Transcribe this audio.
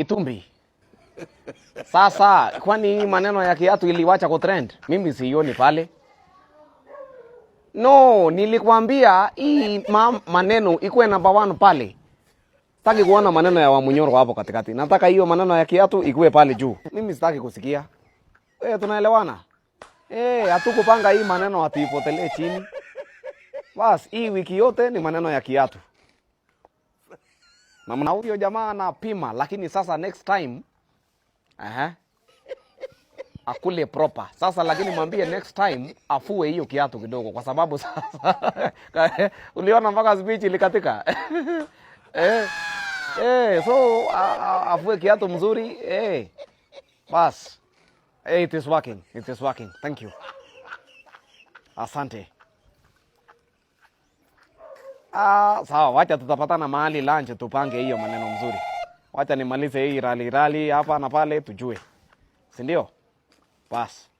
Itumbi. Sasa kwani maneno ya kiatu iliwacha kutrend? Mimi siioni pale. No, nilikwambia hii ma maneno ikuwe namba one pale. Sitaki kuona maneno ya Wamunyoro hapo katikati. Nataka hiyo maneno ya kiatu ikuwe pale juu. Mimi sitaki kusikia. Wewe eh, tunaelewana? Eh, hatukupanga hii maneno atipotelee chini. Bas, hii wiki yote ni maneno ya kiatu na mna huyo jamaa anapima, lakini sasa next time aha, akule proper sasa, lakini mwambie next time afue hiyo kiatu kidogo, kwa sababu sasa uliona mpaka speech ilikatika eh, eh, so afue kiatu mzuri eh, bas eh, it is working, it is working, thank you, asante. Ah, sawa, wacha tutapatana mahali lunch tupange hiyo maneno mzuri. Wacha nimalize hii rali rali hapa na pale tujue. Si ndio? Bas.